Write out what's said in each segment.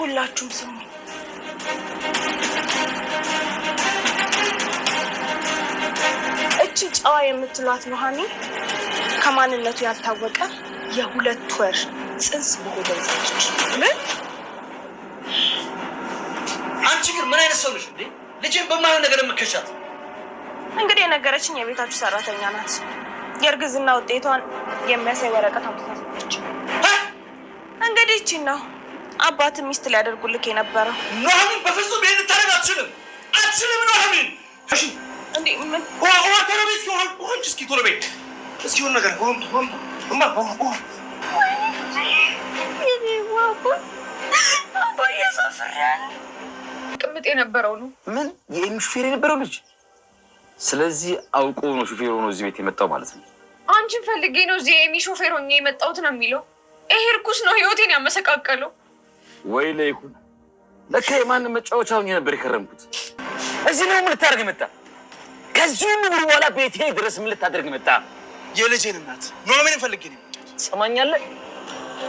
ሁላችሁም ስሙ። እቺ ጨዋ የምትሏት ኑሃሚ ከማንነቱ ያልታወቀ የሁለት ወር ጽንስ በሆዷ ይዛለች። ምን? አንቺ ግን ምን አይነት ሰው ነሽ እንዴ? ልጄን በማይሆን ነገር የምከሻት? እንግዲህ የነገረችኝ የቤታችሁ ሰራተኛ ናት። የእርግዝና ውጤቷን የሚያሳይ ወረቀት አምጥታለች። እንግዲህ ይቺን ነው አባት ሚስት ሊያደርጉልክ የነበረው ኖህምን በፍጹም ይህን ልታደርግ አትችልም፣ አትችልም። ኖህምን እስኪ ቶሎ ቤት እስኪ ሆን ነገር ቅምጥ የነበረው ነው። ምን የኤሚ ሹፌር የነበረው ልጅ። ስለዚህ አውቆ ነው ሹፌር ሆኖ እዚህ ቤት የመጣው ማለት ነው። አንቺን ፈልጌ ነው እዚህ የሚ ሾፌር ሆኜ የመጣሁት ነው የሚለው። ይሄ እርኩስ ነው፣ ህይወቴን ያመሰቃቀለው ወይ ለይኩን ለካ የማንም መጫወቻ ሆኜ ነበር የከረምኩት። እዚህ ነው ምን ልታደርግ መጣ? ከዚህ ሁሉ በኋላ ቤቴ ድረስ ምን ልታደርግ መጣ? የልጄን እናት ኑሐሚንን ፈልጌ ትሰማኛለህ?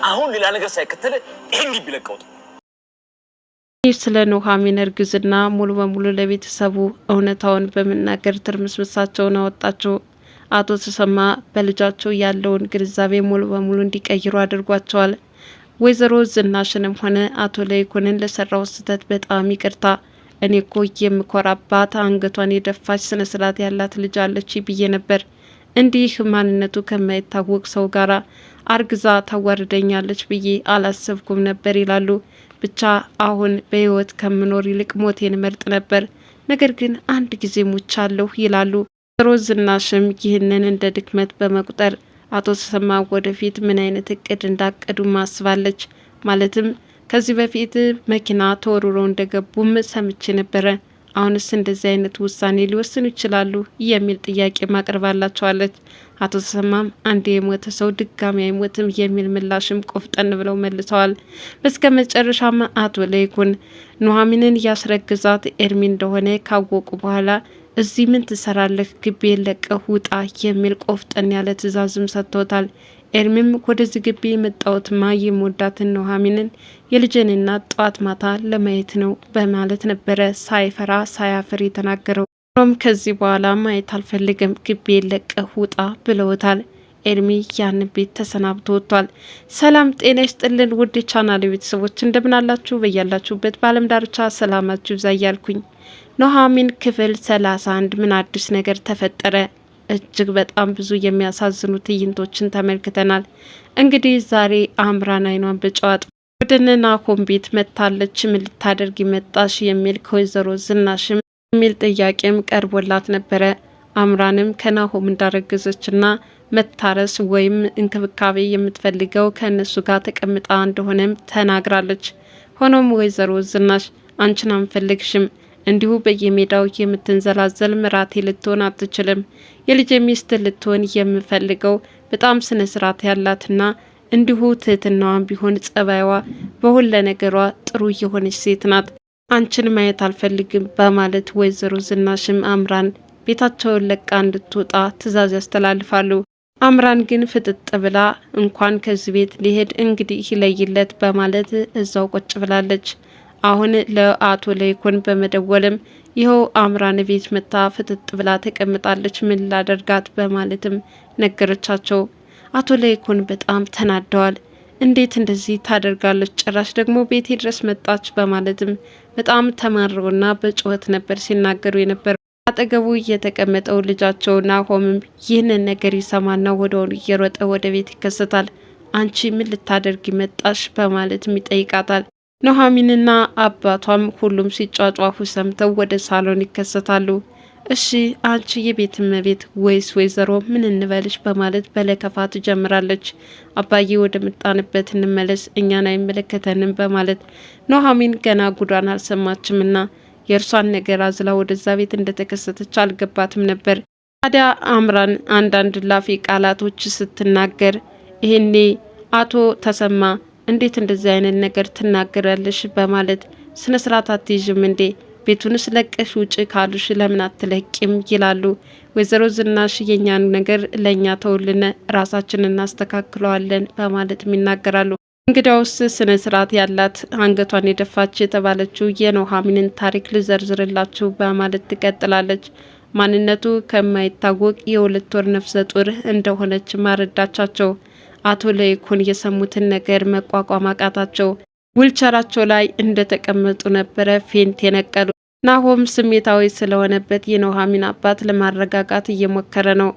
አሁን ሌላ ነገር ሳይከተል ይህን ግቢ ይህ ስለ ኑሐሚን እርግዝና ሙሉ በሙሉ ለቤተሰቡ እውነታውን በመናገር ትርምስምሳቸውን አወጣቸው። አቶ ተሰማ በልጃቸው ያለውን ግንዛቤ ሙሉ በሙሉ እንዲቀይሩ አድርጓቸዋል። ወይዘሮ ዝናሽንም ሆነ አቶ ለይኩንን ለሰራው ስህተት በጣም ይቅርታ። እኔ እኮ የምኮራባት አንገቷን የደፋች ስነ ስርዓት ያላት ልጅ አለች ብዬ ነበር። እንዲህ ማንነቱ ከማይታወቅ ሰው ጋር አርግዛ ታዋርደኛለች ብዬ አላሰብኩም ነበር ይላሉ። ብቻ አሁን በህይወት ከምኖር ይልቅ ሞቴን መርጥ ነበር፣ ነገር ግን አንድ ጊዜ ሙቻለሁ ይላሉ። ወይዘሮ ይህንን እንደ ድክመት በመቁጠር አቶ ተሰማ ወደፊት ምን አይነት እቅድ እንዳቀዱ ማስባለች። ማለትም ከዚህ በፊት መኪና ተወርሮ እንደገቡም ሰምቼ ነበረ። አሁንስ እንደዚህ አይነት ውሳኔ ሊወስኑ ይችላሉ የሚል ጥያቄ ማቅርባላቸዋለች። አቶ ተሰማም አንድ የሞተ ሰው ድጋሚ አይሞትም የሚል ምላሽም ቆፍጠን ብለው መልሰዋል። በስከ መጨረሻም አቶ ለይኩን ኑሐሚንን ያስረግዛት ኤርሚ እንደሆነ ካወቁ በኋላ እዚህ ምን ትሰራለህ? ግቢ የለቀህ ውጣ የሚል ቆፍጠን ያለ ትዕዛዝም ሰጥቶታል። ኤርሚም ወደዚህ ግቢ የመጣሁት ማ የምወዳትን ኑሐሚንን የልጄን እናት ጠዋት ማታ ለማየት ነው በማለት ነበረ ሳይፈራ ሳያፍር የተናገረው። ሮም ከዚህ በኋላ ማየት አልፈልግም ግቢ የለቀህ ውጣ ብለውታል። ኤርሚ ያን ቤት ተሰናብቶ ወጥቷል። ሰላም ጤና ይስጥልን ውድ የቻናል ቤተሰቦች እንደምናላችሁ በያላችሁበት በአለም ዳርቻ ሰላማችሁ ይብዛ እያልኩኝ ኑሐሚን ክፍል ሰላሳ ምን አዲስ ነገር ተፈጠረ? እጅግ በጣም ብዙ የሚያሳዝኑ ትዕይንቶችን ተመልክተናል። እንግዲህ ዛሬ አምራን አይኗን በጨዋጥ ወደነ ናሆም ቤት መጥታለች። ምን ልታደርጊ መጣሽ? የሚል ከወይዘሮ ዝናሽም የሚል ጥያቄም ቀርቦላት ነበረ። አምራንም ከናሆም እንዳረገዘችና መታረስ ወይም እንክብካቤ የምትፈልገው ከእነሱ ጋር ተቀምጣ እንደሆነም ተናግራለች። ሆኖም ወይዘሮ ዝናሽ አንቺን አንፈልግሽም፣ እንዲሁ በየሜዳው የምትንዘላዘል ምራቴ ልትሆን አትችልም። የልጅ ሚስት ልትሆን የምፈልገው በጣም ስነ ስርዓት ያላትና እንዲሁ ትህትናዋን ቢሆን ጸባይዋ፣ በሁለ ነገሯ ጥሩ የሆነች ሴት ናት። አንቺን ማየት አልፈልግም በማለት ወይዘሮ ዝናሽም አምራን ቤታቸውን ለቃ እንድትወጣ ትዕዛዝ ያስተላልፋሉ። አምራን ግን ፍጥጥ ብላ እንኳን ከዚህ ቤት ሊሄድ እንግዲህ ይለይለት በማለት እዛው ቁጭ ብላለች። አሁን ለአቶ ለይኩን በመደወልም ይኸው አምራን ቤት መታ ፍጥጥ ብላ ተቀምጣለች፣ ምን ላደርጋት በማለትም ነገረቻቸው። አቶ ለይኩን በጣም ተናደዋል። እንዴት እንደዚህ ታደርጋለች? ጭራሽ ደግሞ ቤቴ ድረስ መጣች በማለትም በጣም ተማረውና በጩኸት ነበር ሲናገሩ የነበር አጠገቡ የተቀመጠው ልጃቸው ናሆምም ይህንን ነገር ይሰማና ወደሆኑ እየሮጠ ወደ ቤት ይከሰታል። አንቺ ምን ልታደርግ መጣሽ? በማለትም ይጠይቃታል። ኑሐሚንና አባቷም ሁሉም ሲጫጫፉ ሰምተው ወደ ሳሎን ይከሰታሉ። እሺ አንቺ የቤት እመቤት ወይስ ወይዘሮ ምን እንበልሽ? በማለት በለከፋ ትጀምራለች። አባዬ ወደ ምጣንበት እንመለስ፣ እኛን አይመለከተንም በማለት ኑሐሚን ገና ጉዷን አልሰማችምና የእርሷን ነገር አዝላ ወደዛ ቤት እንደተከሰተች አልገባትም ነበር። ታዲያ አምራን አንዳንድ ላፊ ቃላቶች ስትናገር ይህኔ አቶ ተሰማ እንዴት እንደዚህ አይነት ነገር ትናገራለሽ? በማለት ስነ ስርዓት አትይዥም እንዴ? ቤቱንስ ለቀሽ ውጭ ካሉሽ ለምን አትለቂም? ይላሉ። ወይዘሮ ዝናሽ የእኛን ነገር ለእኛ ተውልነ ራሳችን እናስተካክለዋለን በማለት ይናገራሉ። እንግዳውስ ስነ ስርዓት ያላት አንገቷን የደፋች የተባለችው የኑሐሚንን ታሪክ ልዘርዝርላችሁ በማለት ትቀጥላለች። ማንነቱ ከማይታወቅ የሁለት ወር ነፍሰ ጡር እንደሆነች ማረዳቻቸው አቶ ለይኩን የሰሙትን ነገር መቋቋም አቃታቸው። ውልቸራቸው ላይ እንደተቀመጡ ነበረ ፌንት የነቀሉ ናሆም ስሜታዊ ስለሆነበት የኑሐሚን አባት ለማረጋጋት እየሞከረ ነው።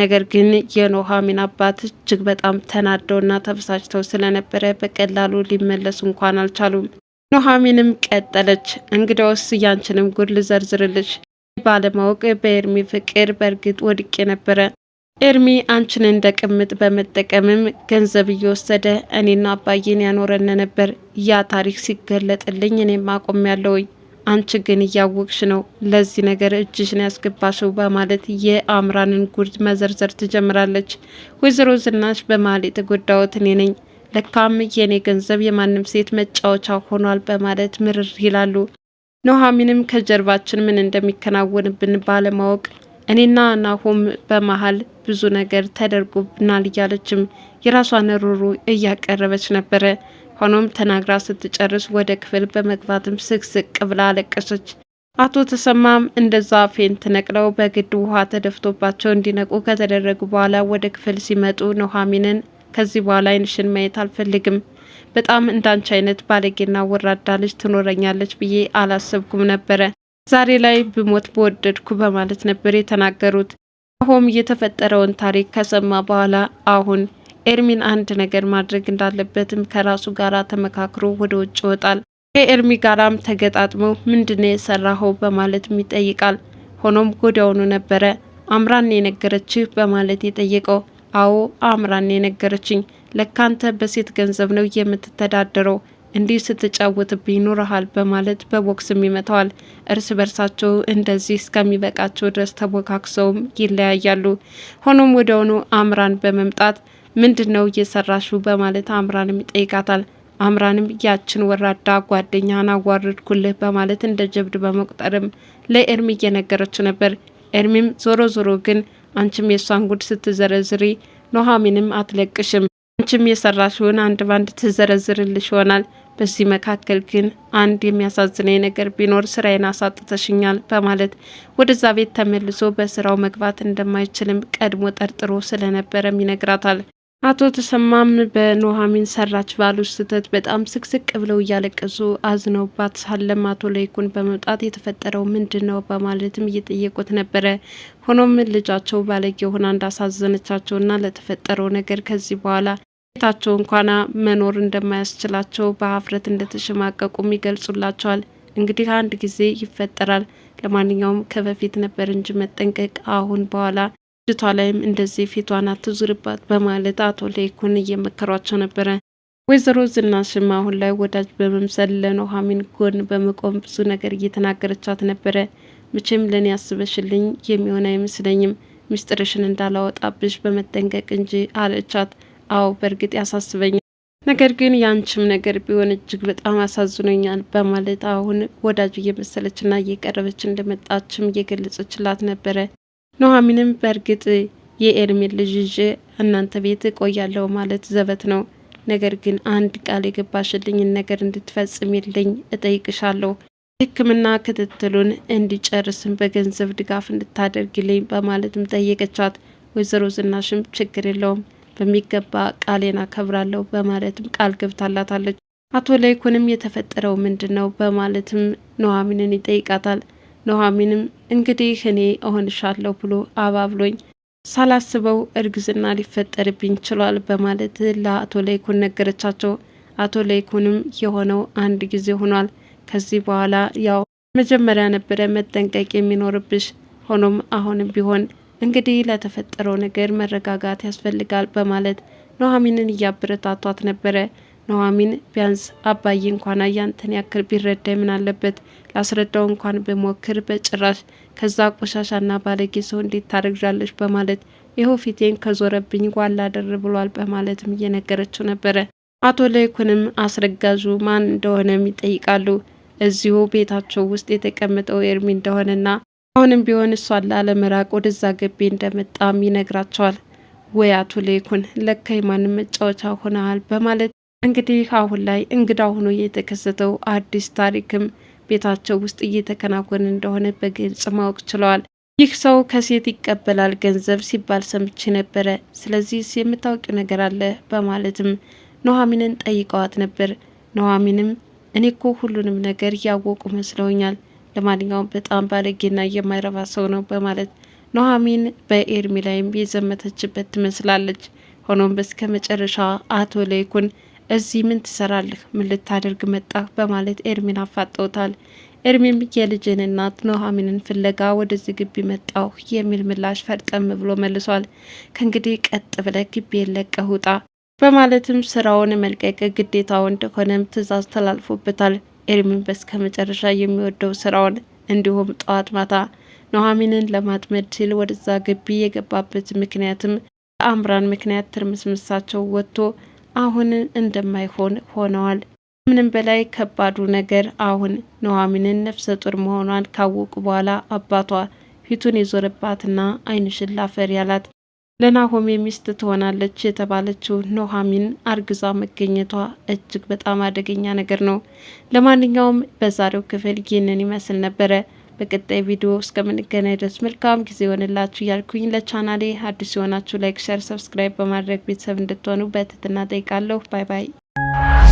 ነገር ግን የኑሐሚን አባት እጅግ በጣም ተናደውና ተበሳጭተው ስለነበረ በቀላሉ ሊመለሱ እንኳን አልቻሉም። ኑሐሚንም ቀጠለች፣ እንግዳውስ ያንችንም ጉድ ልዘርዝርልሽ። ባለማወቅ በኤርሚ ፍቅር በእርግጥ ወድቄ ነበረ። ኤርሚ አንችን እንደ ቅምጥ በመጠቀምም ገንዘብ እየወሰደ እኔና አባዬን ያኖረን ነበር። ያ ታሪክ ሲገለጥልኝ እኔም አቆም ያለውኝ አንቺ ግን እያወቅሽ ነው ለዚህ ነገር እጅሽን ያስገባሽው በማለት የአምራንን ጉድ መዘርዘር ትጀምራለች። ወይዘሮ ዝናሽ በመሀል የተጎዳሁት እኔ ነኝ፣ ለካም የኔ ገንዘብ የማንም ሴት መጫወቻ ሆኗል በማለት ምርር ይላሉ። ኑሐሚንም ከጀርባችን ምን እንደሚከናወንብን ባለማወቅ እኔና ናሆም በመሀል ብዙ ነገር ተደርጎብናል እያለችም የራሷን ሩሩ እያቀረበች ነበረ። ሆኖም ተናግራ ስትጨርስ ወደ ክፍል በመግባትም ስቅስቅ ብላ አለቀሰች። አቶ ተሰማም እንደዛ ፌን ነቅለው በግድ ውሃ ተደፍቶባቸው እንዲነቁ ከተደረጉ በኋላ ወደ ክፍል ሲመጡ ኑሐሚንን ከዚህ በኋላ አይንሽን ማየት አልፈልግም፣ በጣም እንዳንቺ አይነት ባለጌና ወራዳ ልጅ ትኖረኛለች ብዬ አላሰብኩም ነበረ፣ ዛሬ ላይ ብሞት በወደድኩ በማለት ነበር የተናገሩት። አሁም የተፈጠረውን ታሪክ ከሰማ በኋላ አሁን ኤርሚን አንድ ነገር ማድረግ እንዳለበትም ከራሱ ጋራ ተመካክሮ ወደ ውጭ ይወጣል። ከኤርሚ ጋራም ተገጣጥመው ምንድነው የሰራኸው በማለትም ይጠይቃል። ሆኖም ጎዳውኑ ነበረ አምራን የነገረችህ በማለት የጠየቀው። አዎ አምራን የነገረችኝ። ለካንተ በሴት ገንዘብ ነው የምትተዳደረው እንዲህ ስትጫወትብኝ ይኖረሃል በማለት በቦክስም ይመታዋል። እርስ በርሳቸው እንደዚህ እስከሚበቃቸው ድረስ ተቦካክሰውም ይለያያሉ። ሆኖም ወደውኑ አምራን በመምጣት ምንድን ነው እየሰራሹ በማለት አምራንም ይጠይቃታል። አምራንም ያችን ወራዳ ጓደኛህን አዋረድኩልህ በማለት እንደ ጀብድ በመቁጠርም ለኤርሚ እየነገረች ነበር። ኤርሚም ዞሮ ዞሮ ግን አንቺም የእሷን ጉድ ስትዘረዝሪ ኑሐሚንም አትለቅሽም፣ አንቺም የሰራሽውን አንድ ባንድ ትዘረዝርልሽ ይሆናል። በዚህ መካከል ግን አንድ የሚያሳዝነኝ ነገር ቢኖር ስራዬን አሳጥተሽኛል በማለት ወደዛ ቤት ተመልሶ በስራው መግባት እንደማይችልም ቀድሞ ጠርጥሮ ስለነበረም ይነግራታል። አቶ ተሰማም በኑሐሚን ሰራች ባሉት ስህተት በጣም ስቅስቅ ብለው እያለቀሱ አዝነውባት ሳለም አቶ ለይኩን በመምጣት የተፈጠረው ምንድን ነው በማለትም እየጠየቁት ነበረ። ሆኖም ልጃቸው ባለጌ ሆና እንዳሳዘነቻቸውና ለተፈጠረው ነገር ከዚህ በኋላ ቤታቸው እንኳን መኖር እንደማያስችላቸው በሀፍረት እንደተሸማቀቁም ይገልጹላቸዋል። እንግዲህ አንድ ጊዜ ይፈጠራል። ለማንኛውም ከበፊት ነበር እንጂ መጠንቀቅ አሁን በኋላ ልጅቷ ላይም እንደዚህ ፊቷን አትዙርባት በማለት አቶ ለይኩን እየመከሯቸው ነበረ። ወይዘሮ ዝናሽም አሁን ላይ ወዳጅ በመምሰል ለኑሐሚን ጎን በመቆም ብዙ ነገር እየተናገረቻት ነበረ። መቼም ለእኔ ያስበሽልኝ የሚሆን አይመስለኝም ሚስጥርሽን እንዳላወጣብሽ በመጠንቀቅ እንጂ አለቻት። አዎ በእርግጥ ያሳስበኛል፣ ነገር ግን ያንችም ነገር ቢሆን እጅግ በጣም አሳዝኖኛል በማለት አሁን ወዳጅ እየመሰለችና እየቀረበች እንደመጣችም እየገለጸችላት ነበረ። ኑሐሚንም በእርግጥ የኤርሜል ልጅ ይዤ እናንተ ቤት እቆያለሁ ማለት ዘበት ነው። ነገር ግን አንድ ቃል የገባሽልኝን ነገር እንድትፈጽሚልኝ እጠይቅሻለሁ። የሕክምና ክትትሉን እንዲጨርስም በገንዘብ ድጋፍ እንድታደርግልኝ በማለትም ጠየቀቻት። ወይዘሮ ዝናሽም ችግር የለውም በሚገባ ቃሌን አከብራለሁ በማለትም ቃል ገብታላታለች። አቶ ላይኩንም የተፈጠረው ምንድን ነው በማለትም ኑሐሚንን ይጠይቃታል። ኑሐሚንም እንግዲህ እኔ እሆንሻለሁ ብሎ አባብሎኝ ሳላስበው እርግዝና ሊፈጠርብኝ ችሏል በማለት ለአቶ ለይኩን ነገረቻቸው። አቶ ለይኩንም የሆነው አንድ ጊዜ ሆኗል። ከዚህ በኋላ ያው መጀመሪያ ነበረ መጠንቀቅ የሚኖርብሽ። ሆኖም አሁንም ቢሆን እንግዲህ ለተፈጠረው ነገር መረጋጋት ያስፈልጋል በማለት ኑሐሚንን እያበረታቷት ነበረ። ኑሐሚን ቢያንስ አባዬ እንኳን አያንተን ያክል ቢረዳ ምን አለበት? ላስረዳው እንኳን ብሞክር በጭራሽ ከዛ ቆሻሻና ባለጌ ሰው እንዴት ታደርግዣለች? በማለት ይኸው ፊቴን ከዞረብኝ ጓላ ደር ብሏል በማለትም እየነገረችው ነበረ። አቶ ለይኩንም አስረጋዙ ማን እንደሆነም ይጠይቃሉ። እዚሁ ቤታቸው ውስጥ የተቀመጠው ኤርሚ እንደሆነና አሁንም ቢሆን እሷን ላለመራቅ ወደዛ ገቢ እንደመጣም ይነግራቸዋል። ወይ አቶ ለይኩን ለካ የማንም መጫወቻ ሆነሃል በማለት እንግዲህ አሁን ላይ እንግዳ ሆኖ የተከሰተው አዲስ ታሪክም ቤታቸው ውስጥ እየተከናወነ እንደሆነ በግልጽ ማወቅ ችለዋል። ይህ ሰው ከሴት ይቀበላል ገንዘብ ሲባል ሰምቼ ነበረ። ስለዚህ የምታውቂው ነገር አለ በማለትም ኑሐሚንን ጠይቀዋት ነበር። ኑሐሚንም እኔ እኮ ሁሉንም ነገር ያወቁ መስለውኛል፣ ለማንኛውም በጣም ባለጌና የማይረባ ሰው ነው በማለት ኑሐሚን በኤርሚ ላይም የዘመተችበት ትመስላለች። ሆኖም በስከ መጨረሻ አቶ ለይኩን እዚህ ምን ትሰራለህ? ምን ልታደርግ መጣህ? በማለት ኤርሚን አፋጠውታል። ኤርሚም የልጅን እናት ኑሐሚንን ፍለጋ ወደዚህ ግቢ መጣው የሚል ምላሽ ፈርጠም ብሎ መልሷል። ከእንግዲህ ቀጥ ብለ ግቢ የለቀህ ውጣ በማለትም ስራውን መልቀቅ ግዴታው እንደሆነም ትእዛዝ ተላልፎበታል። ኤርሚን በስከ መጨረሻ የሚወደው ስራውን እንዲሁም ጠዋት ማታ ኑሐሚንን ለማጥመድ ሲል ወደዛ ግቢ የገባበት ምክንያትም አምራን ምክንያት ትርምስምሳቸው ወጥቶ አሁን እንደማይሆን ሆነዋል። ምንም በላይ ከባዱ ነገር አሁን ኑሐሚንን ነፍሰ ጡር መሆኗን ካወቁ በኋላ አባቷ ፊቱን የዞረባትና ዓይንሽን ላፈር ያላት ለናሆሜ ሚስት ትሆናለች የተባለችው ኑሐሚን አርግዛ መገኘቷ እጅግ በጣም አደገኛ ነገር ነው። ለማንኛውም በዛሬው ክፍል ይህንን ይመስል ነበረ። በቀጣይ ቪዲዮ እስከምንገናኝ ድረስ መልካም ጊዜ ሆንላችሁ እያልኩኝ ለቻናሌ አዲስ የሆናችሁ ላይክ፣ ሸር፣ ሰብስክራይብ በማድረግ ቤተሰብ እንድትሆኑ በትህትና ጠይቃለሁ። ባይ ባይ።